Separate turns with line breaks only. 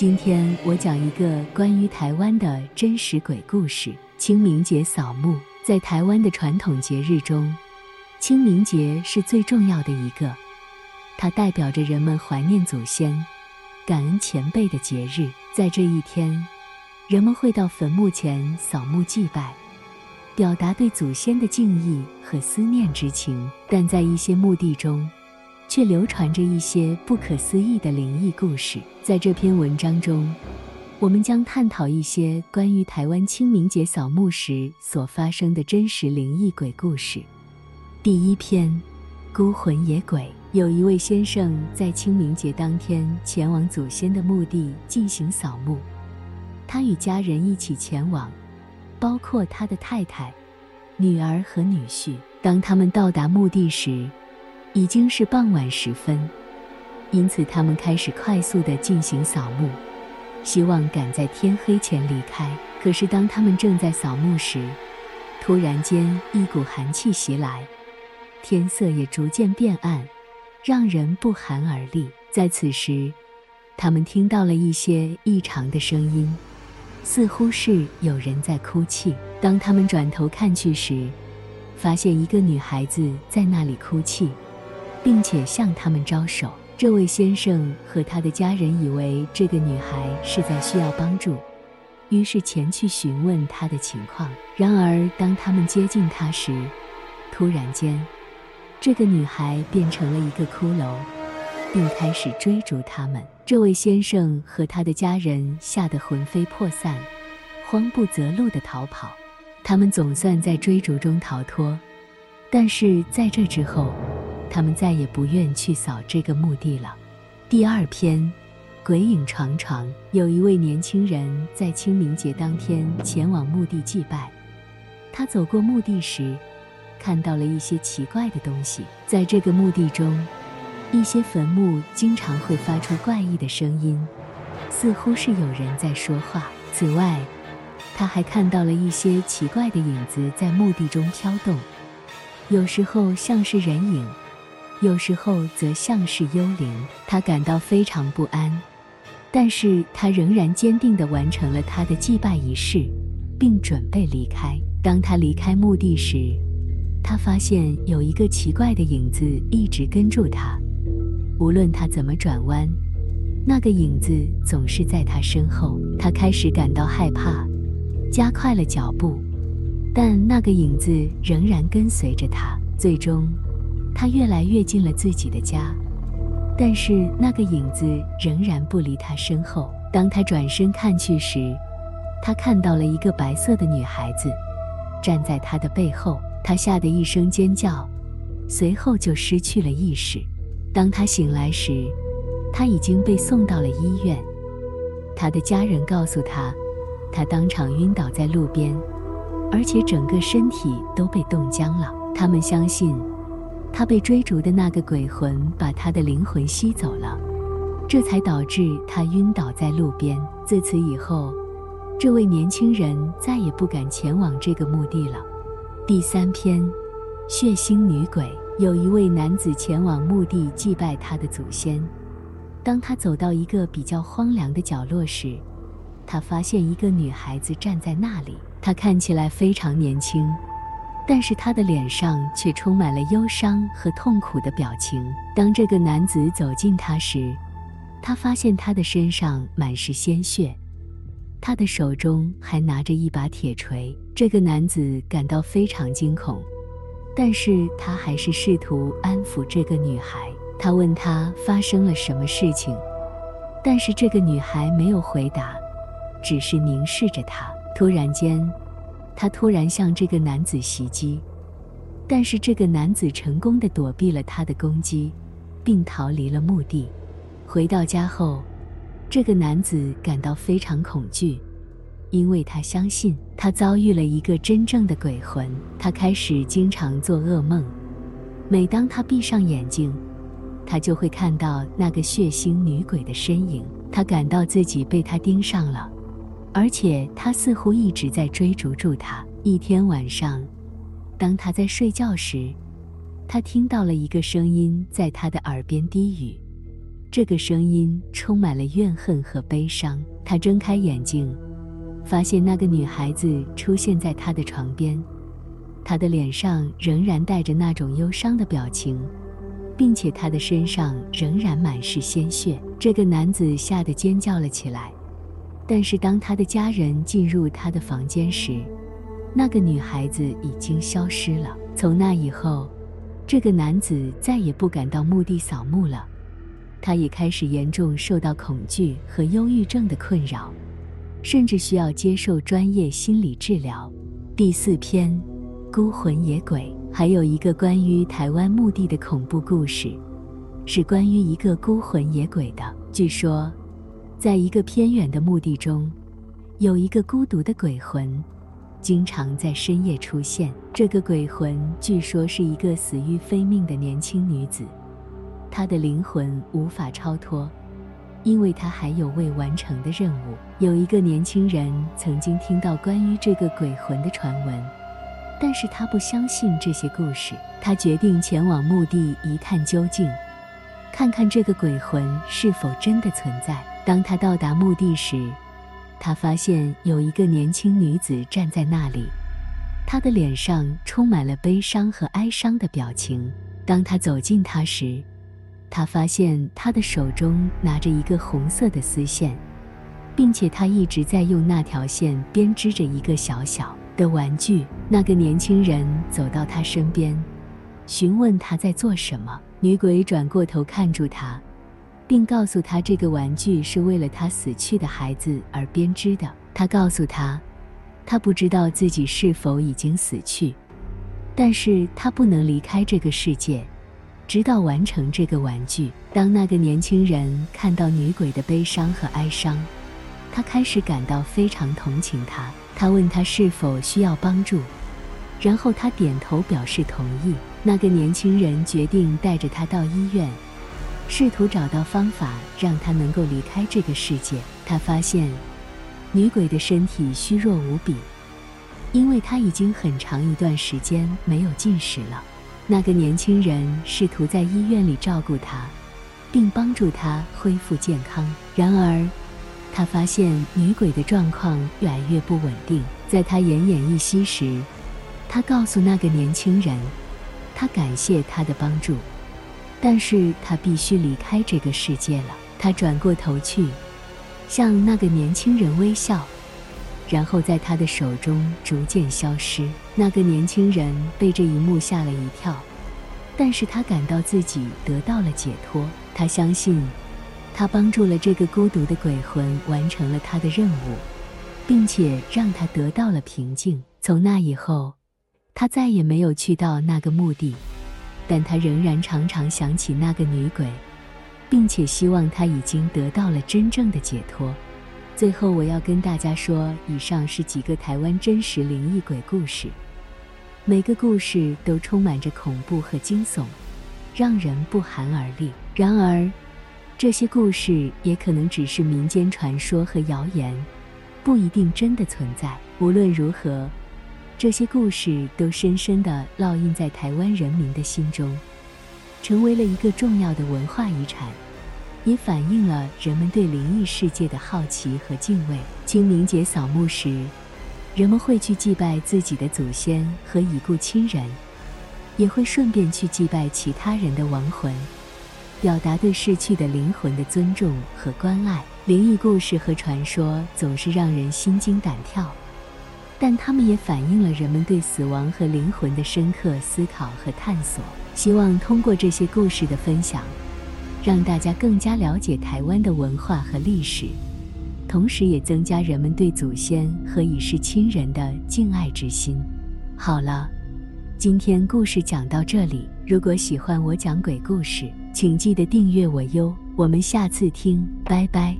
今天我講一個關於台灣的真實鬼故事。清明節掃墓，在台灣的傳統節日中，清明節是最重要的一個，它代表着人們懷念祖先、感恩前輩的節日。在這一天，人們會到墳墓前掃墓祭拜，表達對祖先的敬意和思念之情。但在一些墓地中，卻流傳着一些不可思議的靈異故事。在這篇文章中，我們將探討一些關於台灣清明節掃墓時所發生的真實靈異鬼故事。第一篇：孤魂野鬼。有一位先生在清明節當天前往祖先的墓地進行掃墓，他與家人一起前往，包括他的太太、女兒和女婿。當他們到達墓地時，已經是傍晚時分，因此他們開始快速地進行掃墓，希望趕在天黑前離開。可是，當他們正在掃墓時，突然間一股寒氣襲來，天色也逐漸變暗，讓人不寒而栗。在此時，他們聽到了一些異常的聲音，似乎是有人在哭泣。當他們轉頭看去時，發現一個女孩子在那裡哭泣。並且向他們招手。這位先生和他的家人以為這個女孩是在需要幫助，於是前去詢問她的情況。然而，當他們接近她時，突然間，這個女孩變成了一個骷髏，並開始追逐他們。這位先生和他的家人嚇得魂飛魄散，慌不擇路地逃跑。他們總算在追逐中逃脫，但是在這之後，他們再也不願去掃這個墓地了。第二篇，鬼影重重。有一位年輕人在清明節當天前往墓地祭拜。他走過墓地時，看到了一些奇怪的東西。在這個墓地中，一些墳墓經常會發出怪異的聲音，似乎是有人在說話。此外，他還看到了一些奇怪的影子在墓地中飄動，有時候像是人影，有時候則像是幽靈，他感到非常不安，但是他仍然堅定地完成了他的祭拜儀式，並準備離開。當他離開墓地時，他發現有一個奇怪的影子一直跟著他，無論他怎麼轉彎，那個影子總是在他身後。他開始感到害怕，加快了腳步，但那個影子仍然跟隨着他。最終，他越來越近了自己的家，但是那個影子仍然不離他身後。當他轉身看去時，他看到了一個白色的女孩子站在他的背後。他嚇得一聲尖叫，隨後就失去了意識。當他醒來時，他已經被送到了醫院。他的家人告訴他，他當場暈倒在路邊，而且整個身體都被凍僵了。他們相信。他被追逐的那個鬼魂把他的靈魂吸走了，這才導致他暈倒在路邊。自此以後，這位年輕人再也不敢前往這個墓地了。第三篇，血腥女鬼。有一位男子前往墓地祭拜他的祖先。當他走到一個比較荒涼的角落時，他發現一個女孩子站在那裡。她看起來非常年輕。但是他的臉上卻充滿了憂傷和痛苦的表情。當這個男子走近他時，他發現他的身上滿是鮮血，他的手中還拿着一把鐵錘。這個男子感到非常驚恐，但是他還是試圖安撫這個女孩。他問她發生了什麼事情，但是這個女孩沒有回答，只是凝視着他。突然間，他突然向這個男子襲擊，但是這個男子成功的躲避了他的攻擊，並逃離了墓地。回到家後，這個男子感到非常恐懼，因為他相信他遭遇了一個真正的鬼魂。他開始經常做噩夢，每當他閉上眼睛，他就會看到那個血腥女鬼的身影。他感到自己被他盯上了。而且他似乎一直在追逐住他。一天晚上，當他在睡覺時，他聽到了一個聲音在他的耳邊低語，這個聲音充滿了怨恨和悲傷。他睜開眼睛，發現那個女孩子出現在他的床邊，他的臉上仍然帶着那種憂傷的表情，並且他的身上仍然滿是鮮血。這個男子嚇得尖叫了起來。但是當他的家人進入他的房間時，那個女孩子已經消失了。從那以後，這個男子再也不敢到墓地掃墓了。他也開始嚴重受到恐懼和憂鬱症的困擾，甚至需要接受專業心理治療。第四篇《孤魂野鬼》還有一個關於台灣墓地的恐怖故事，是關於一個孤魂野鬼的。據說。在一個偏遠的墓地中，有一個孤獨的鬼魂，經常在深夜出現。這個鬼魂據說是一個死於非命的年輕女子，她的靈魂無法超脫，因為她還有未完成的任務。有一個年輕人曾經聽到關於這個鬼魂的傳聞，但是他不相信這些故事。他決定前往墓地一探究竟，看看這個鬼魂是否真的存在。當他到達墓地時，他發現有一個年輕女子站在那裡，她的臉上充滿了悲傷和哀傷的表情。當他走近她時，他發現她的手中拿着一個紅色的絲線，並且她一直在用那條線編織着一個小小的玩具。那個年輕人走到她身邊，詢問她在做什麼。女鬼轉過頭看住他。並告訴他，這個玩具是為了他死去的孩子而編織的。他告訴他，他不知道自己是否已經死去，但是他不能離開這個世界，直到完成這個玩具。當那個年輕人看到女鬼的悲傷和哀傷，他開始感到非常同情他。他問他是否需要幫助，然後他點頭表示同意。那個年輕人決定帶着他到醫院。試圖找到方法讓他能夠離開這個世界。他發現女鬼的身體虛弱無比，因為他已經很長一段時間沒有進食了。那個年輕人試圖在醫院裡照顧他，並幫助他恢復健康。然而，他發現女鬼的狀況越來越不穩定。在他奄奄一息時，他告訴那個年輕人，他感謝他的幫助。但是他必須離開這個世界了。他轉過頭去，向那個年輕人微笑，然後在他的手中逐漸消失。那個年輕人被這一幕嚇了一跳，但是他感到自己得到了解脫。他相信，他幫助了這個孤獨的鬼魂完成了他的任務，並且讓他得到了平靜。從那以後，他再也沒有去到那個墓地。但他仍然常常想起那個女鬼，並且希望她已經得到了真正的解脫。最後，我要跟大家說，以上是幾個台灣真實靈異鬼故事，每個故事都充滿着恐怖和驚悚，讓人不寒而慄。然而，這些故事也可能只是民間傳說和謠言，不一定真的存在。無論如何。這些故事都深深地烙印在台灣人民的心中，成為了一個重要的文化遺產，也反映了人們對靈異世界的好奇和敬畏。清明節掃墓時，人們會去祭拜自己的祖先和已故親人，也會順便去祭拜其他人的亡魂，表達對逝去的靈魂的尊重和關愛。靈異故事和傳說總是讓人心驚膽跳。但他們也反映了人們對死亡和靈魂的深刻思考和探索。希望通過這些故事的分享，讓大家更加了解台灣的文化和歷史，同時也增加人們對祖先和已逝親人的敬愛之心。好了，今天故事講到這裡。如果喜歡我講鬼故事，請記得訂閱我喲。我們下次聽，拜拜。